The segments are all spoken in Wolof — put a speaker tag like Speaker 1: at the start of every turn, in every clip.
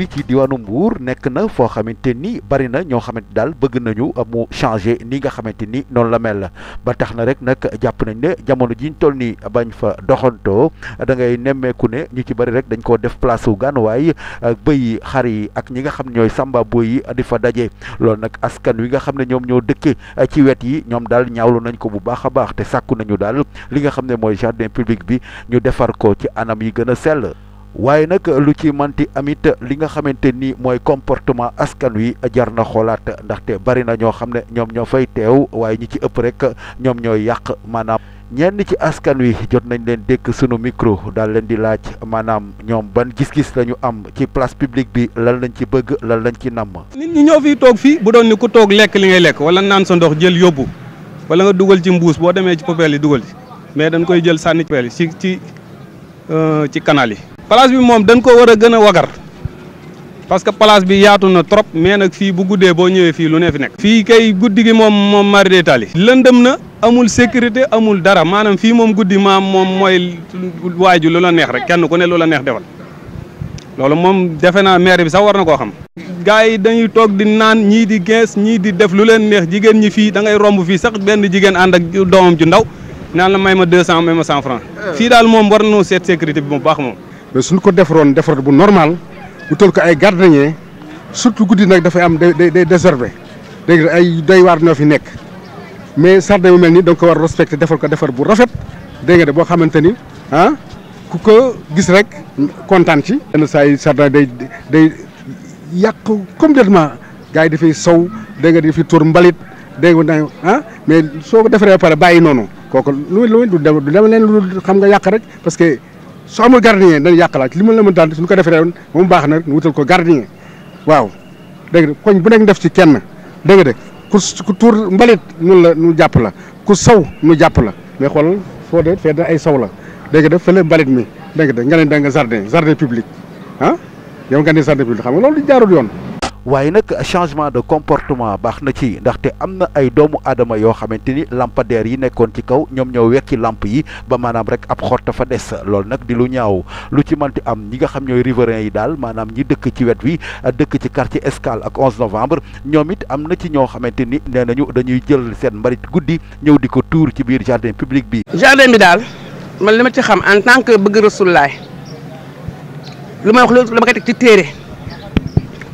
Speaker 1: fii ci diwaanu Mbour nekk na foo xamante ni bari na ñoo xamante daal bëgg nañu amu uh, changer ni nga xamante ni noonu la mel ba tax na rek nag jàpp nañ ne jamono jiñ toll ni bañ fa doxantoo da ngay nemmeeku ne ñu ci bari rek dañ koo def place wu gànnuwaay uh, bëy xar yi ak ñi nga xam ñooy samba boy yi di fa daje loolu nag askan wi nga xam ne ñoom ñoo dëkke uh, ci wet yi ñoom daal ñaawlu nañ ko bu baax a baax te sàkku nañu daal li nga xam ne mooy jardin public bi ñu defar ko ci anam yi gën a sell waaye nag lu ci manti amit li nga xamante ni mooy comportement askan wi jar na xoolaat ndaxte bari na ñoo xam ne ñoom ñoo fay teew waaye ñi ci ëpp rek ñoom ñooy yàq maanaam. ñenn ci askan wi jot nañu leen dékk sunu micro daal leen di laaj maanaam ñoom ban gis-gis la ñu am ci place publique bi lan lañ ci bëgg lan lañ ci namm.
Speaker 2: nit ñi ñoo fiy toog fii bu doon ni ku toog lekk li ngay lekk wala naan sa ndox jël yóbbu wala nga dugal ci mbuus boo demee ci poubelle dugal ci mais dañ koy jël sànni ci poubelle yi ci ci euh, ci canal place bi mom dañ ko wara gëna wagar parce que place bi yaatu na trop mais nak fi bu guddé bo ñëwé fi lu nek fi kay guddi gi mom moom mari de lëndëm na amul sécurité amul dara manam fi mom guddi ma mom moy waju lu la neex rek kenn ku ne lu la neex defal lolu mom defe naa maire bi sax war na ko xam. gaay yi dañuy tok di naan ñi di gess ñi di def lu leen neex jigen ñi fi da ngay romb fi sax ben jigen and ak doomam ju ndaw nan la mayma ma 200 mayma 100 francs euh. fi dal mom war nañoo seet sécurité bi mom bax mom mais suñ ko defaroon defar bu normal bu tol ko ay gardien surtout goudi nak da fay am day day désherbé ay doy war ñoo fi nekk mais sardin bu mel nii ko war a defal ko defar bu rafet dégg nga boo xamante ni ah ku ko gis rek kontaan ci. yenn say yi sardin day day yàq complètement gars da fay saw dégg nga dafay tour mbalit dégg nga ah mais soo ko defaree ba pare bàyyi noonu kooku lu lu du dem du lu xam nga yak rek parce que. su amul gardien dañu yàq laaj li ma la mën daan suñu ko defee woon moom baax na wutal ko gardien waaw dégg nga koñ bu nekk def ci kenn dégg nga de ku ku tuur la ñu jàpp la ku saw ñu jàpp la mais xool foo de fee da ay saw la dégg nga de fële mbalit mi dégg de nga ne nga jardin jardin public ah yow nga ne jardin public xam nga loolu jaarul yoon waaye nag changement de comportement baax
Speaker 1: na ci ndaxte am na ay doomu aadama yoo xamante ni lampadaire yi nekkoon ci kaw ñoom ñoo wekki lamp yi ba maanaam rek ab xott fa des loolu nag di lu ñaaw lu ci manti am ñi nga xam ñooy riverains yi daal maanaam ñi dëkk ci wet wi dëkk ci quartier Escale ak 11 novembre ñoom it am na ci ñoo xamante ni nee nañu dañuy jël seen mbalit guddi ñëw di ko tuur ci biir jardin public bi. jardin
Speaker 3: bi daal man li ma ci xam en tant que bëgg Rasulaay lu wax ma koy ci téere.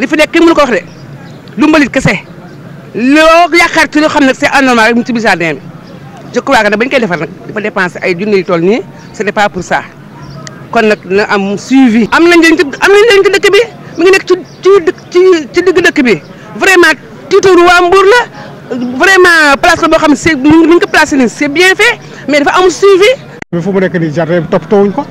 Speaker 3: li fi nek kenn mënu ko wax de lu mbalit kessé loo yaakaar ci loo xam ne c'est anormal rek mu ci bisaa nee bi je crois que nag koy defar nag dafa dépenser ay junni yu toll nii ce n'est pas pour ça kon nak na am suivi. am nañ leen am nañ leen dëkk bi mi ngi nek ci ci ci ci dëkk bi vraiment tuutawul wa Mbour la vraiment place la boo xam ne c'est ñu ko placer ni c'est bien fait mais dafa am suivi.
Speaker 2: mais fu mu nek ni jardin toppatoo wuñ ko.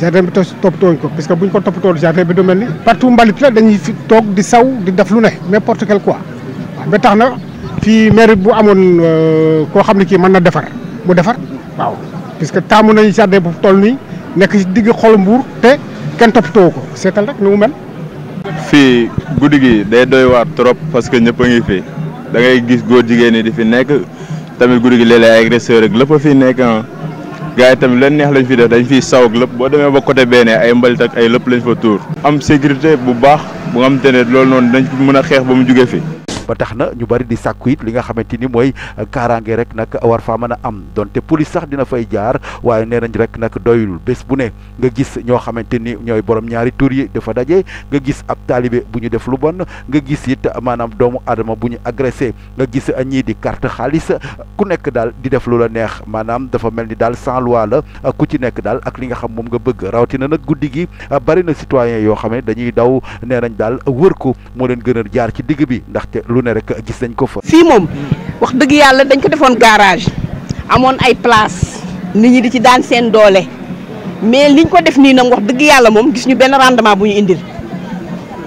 Speaker 2: jardin bi toppatoo ko parce que buñ ko toppatoo jardin bi du melni partout mbalit la dañuy fi di saw di def lu ne n'importe quel quoi waaw ba taxna fi maire bu amone euh, ko xamni ki man na defar mu defar waaw parce que tamu nañu jardin bu toll ni nek ci digg xol mbour te top toppatoo ko setal rek ni mu mel. fi guddi day doy waar trop parce que ñepp ngi fi da ngay gis goor jigéen ni di fi nek tamit guddi gi ay agresseur rek lepp fi nek ah gaay tam lan neex lañ fi def dañ fi saw ak lépp boo demee ba côté béné ay mbalit ak ay lepp lañ fa tour am sécurité bu baax bu nga tane lool non dañ ci mëna xex xeex ba mu jugee fi
Speaker 1: ba tax na ñu bari di sàkku it li nga xamanteni moy mooy euh, rek nak war fa mëna am donte police sax dina fay jaar waye nenañ rek nak doyul bes bu ne nga gis ño xamanteni ñoy borom ñaari tour yi dafa dajé nga gis ab talibé bu ñu def lu bon nga gis it manam doomu adama bu ñu agressé nga gis ñi di carte xaalis ku nekk dal di def lu la neex manam dafa melni dal sans loi la ku ci nekk dal ak li nga xam mom nga bëgg rawatina nag guddi gi bari na citoyen yo xamé dañuy daw nenañ dal wër ko leen gën jaar ci digg bi ndaxte lu ne rek gis nañ ko
Speaker 3: fa fi mom wax deug yalla dañ ko defone garage amone ay place nit ñi di ci daan seen doole mais liñ ko def ni nak wax deug yalla mom gis ñu ben rendement bu ñu indil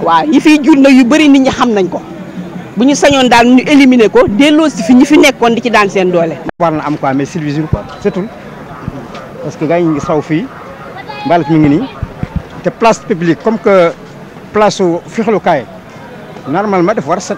Speaker 3: wa yi fi jurna yu bari nit ñi xam nañ ko bu ñu sañon daal ñu éliminer ko délo ci fi ñi fi nekkon di ci daan seen doole war na am quoi mais sylvisure quoi c'est tout
Speaker 2: parce que gaay ñi saw fi mbalit mi ngi ni te place publique comme que place kay normalement def war set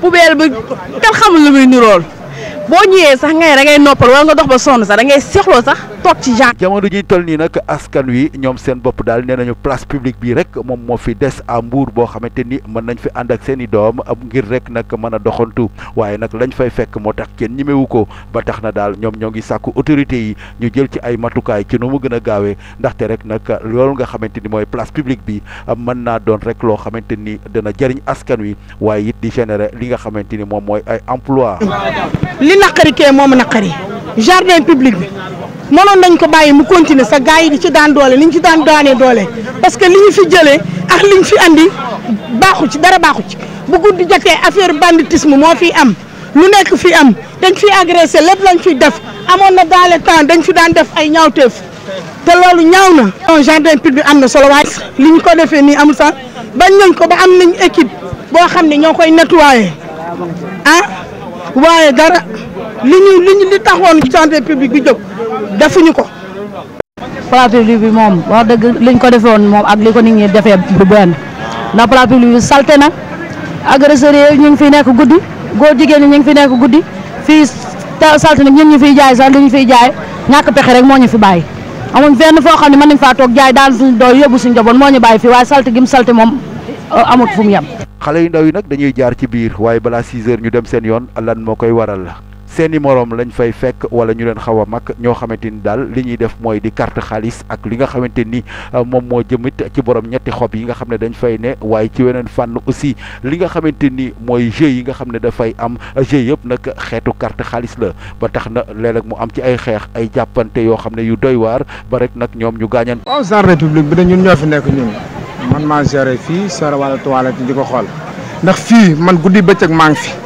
Speaker 2: poubelle bi kenn xamul lu muy nirool.
Speaker 3: boo ñëwee sax ngay da ngay noppal wala nga dox ba sonn sax da ngay seexloo sax toog ci genre. jamono ji ñu toll nii nag
Speaker 1: askan wi ñoom seen bopp daal nee nañu place publique bii rek moom moo fi des à boo xamante ni mën nañ fi ànd ak seen i doom ngir rek nag mën a doxantu waaye nag lañ fay fekk moo tax kenn ñemewu ko ba tax na daal ñoom ñoo ngi sàkku autorité yi ñu jël ci ay matukaay ci nu mu gën a gaawee ndaxte rek nag loolu nga xamante ni mooy place publique bi mën naa doon rek loo xamante ni dana jëriñ askan wi waaye it di générer li nga xamante ni moom mooy ay emploi
Speaker 3: li naqari kee moom naqari jardin public bi mënoon nañ ko bàyyi mu continuer sa gars yi di ci daan doole liñ ci daan daanee doole parce que li ñu fi jëlee ak liñ fi indi baaxu ci dara baaxu ci bu guddi jotee affaire banditisme moo fi am lu nekk fi am dañ fi agressé lépp lañ fi def amoon na dans temps dañ fi daan def ay ñaawteef te loolu ñaaw na. non jardin public am na solo waaye li ñu ko defee nii amul sax bañ nañ ko ba am nañ équipe boo xam ne ñoo koy nettoyé ah waaye li ñu li ñu li taxoon santé publique bi jóg defuñu ko. place publique bi moom wax dëgg liñ ko defee woon moom ak li ko nit ñi defee du benn ndax place publique bi salté na agresseurs yi ñu ngi fi nekk guddi góor jigéen ñi ñu ngi fi nekk guddi fii salté na ñun ñu fiy jaay sax li ñu fiy jaay ñàkk pexe rek moo ñu fi bàyyi. amuñ fenn foo xam ne mën nañ faa toog jaay daal suñu dool yóbbu suñu njaboot moo ñu bàyyi fii waaye salté gi mu salté moom euh, amut fu mu
Speaker 1: xale yu ndaw yi nag dañuy jaar ci biir waaye balaa 6 heures ñu dem seen yoon lan moo koy waral. seni morom lañ fay fekk wala ñu leen xawa mak ño xamanteni dal li ñi def moy di carte xaalis ak li nga xamanteni euh, mom mo jëmit ci borom ñetti xop yi nga xamne dañ fay ne way ci wenen fan aussi li nga xamanteni moy jeu yi nga xamne da fay am jeu yëpp nak xétu carte xaalis la ba tax na léeg-léeg mu am ci ay xeex ay jappante yo xamne yu doy war ba rek nak ñom
Speaker 2: ñu gañan waaw sa république bi de ñun ñofi nek ñun man ma géré fi sore toilette diko xol ndax fi man guddii bëccëg maa ngi fi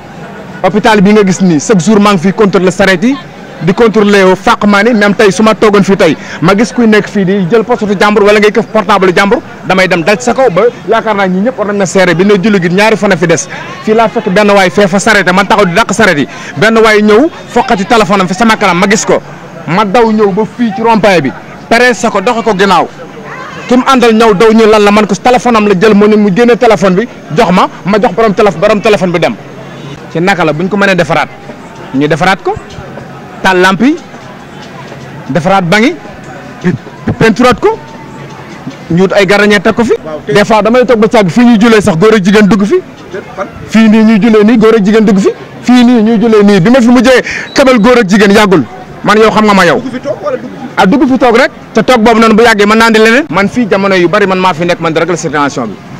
Speaker 2: hôpital bi nga gis ni chaque jour mang fi contrôler le di contrôler le ni même tay suma togon fi tay ma gis kuy nek fi di jël poste jambour wala ngay keuf portable jambour damay dem dal sa kaw ba yakar na ñi ñep war na séré bi ne jullu gi ñaari fan a fi dess fi la fekk ben way fa man taxaw di dak sareti ben way ñew fokati téléphone fi sama kanam ma gis ko ma daw ñew ba fi ci rompay bi pere sa ko dox ko ginnaaw ki andal àndal daw ñu lan la man ko téléphone am la jël mo ne mu génne téléphone bi jox ma ma jox borom téléphone borom téléphone bi dem ci naka la buñ ko mënee defaraat ñu defaraat ko tal lampi yi bangi penturaat ko ñu ay garagne tak ko fi des fois damay tok ba càgg fi ñu julee sax goor jigen dug fi fi ni ñu ñuy ni goor jigen dug fi fi ni ñu ñuy ni bima fi mujjé këbal goor jigen yagul man yow xam nga ma yow wala dug fi ah, tok rek te tok bobu non bu yagge man nandi man fi jamono yu bari man ma fi nek man dara situation bi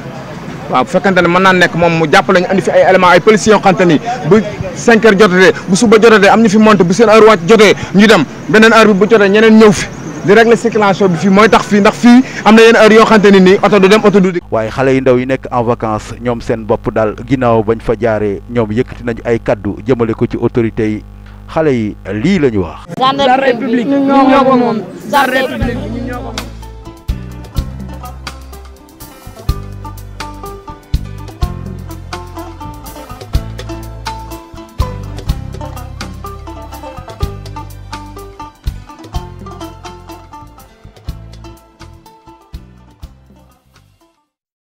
Speaker 2: waaw bu fekkente ne mën naa nekk moom mu jàppale lañu andi fi ay éléments ay policiers yoo xamante ni bu 5 heures jotee bu suba jotee am ñu fi monté bu seen heure wàcc jotee ñu dem beneen heure bi bu jotee ñeneen ñëw fi di régler circulation bi fii mooy tax fii ndax fii am na yenn heure yoo xamante ni nii oto du dem oto du dikk. waaye
Speaker 1: xale yu ndaw yi nekk en vacances ñoom seen bopp daal ginnaaw bañ fa jaaree ñoom yëkkati nañu ay kaddu jëmale ko ci autorité yi xale yi lii la ñu wax.
Speaker 2: la république ñun ñoo ko moom la république ñun ñoo ko moom.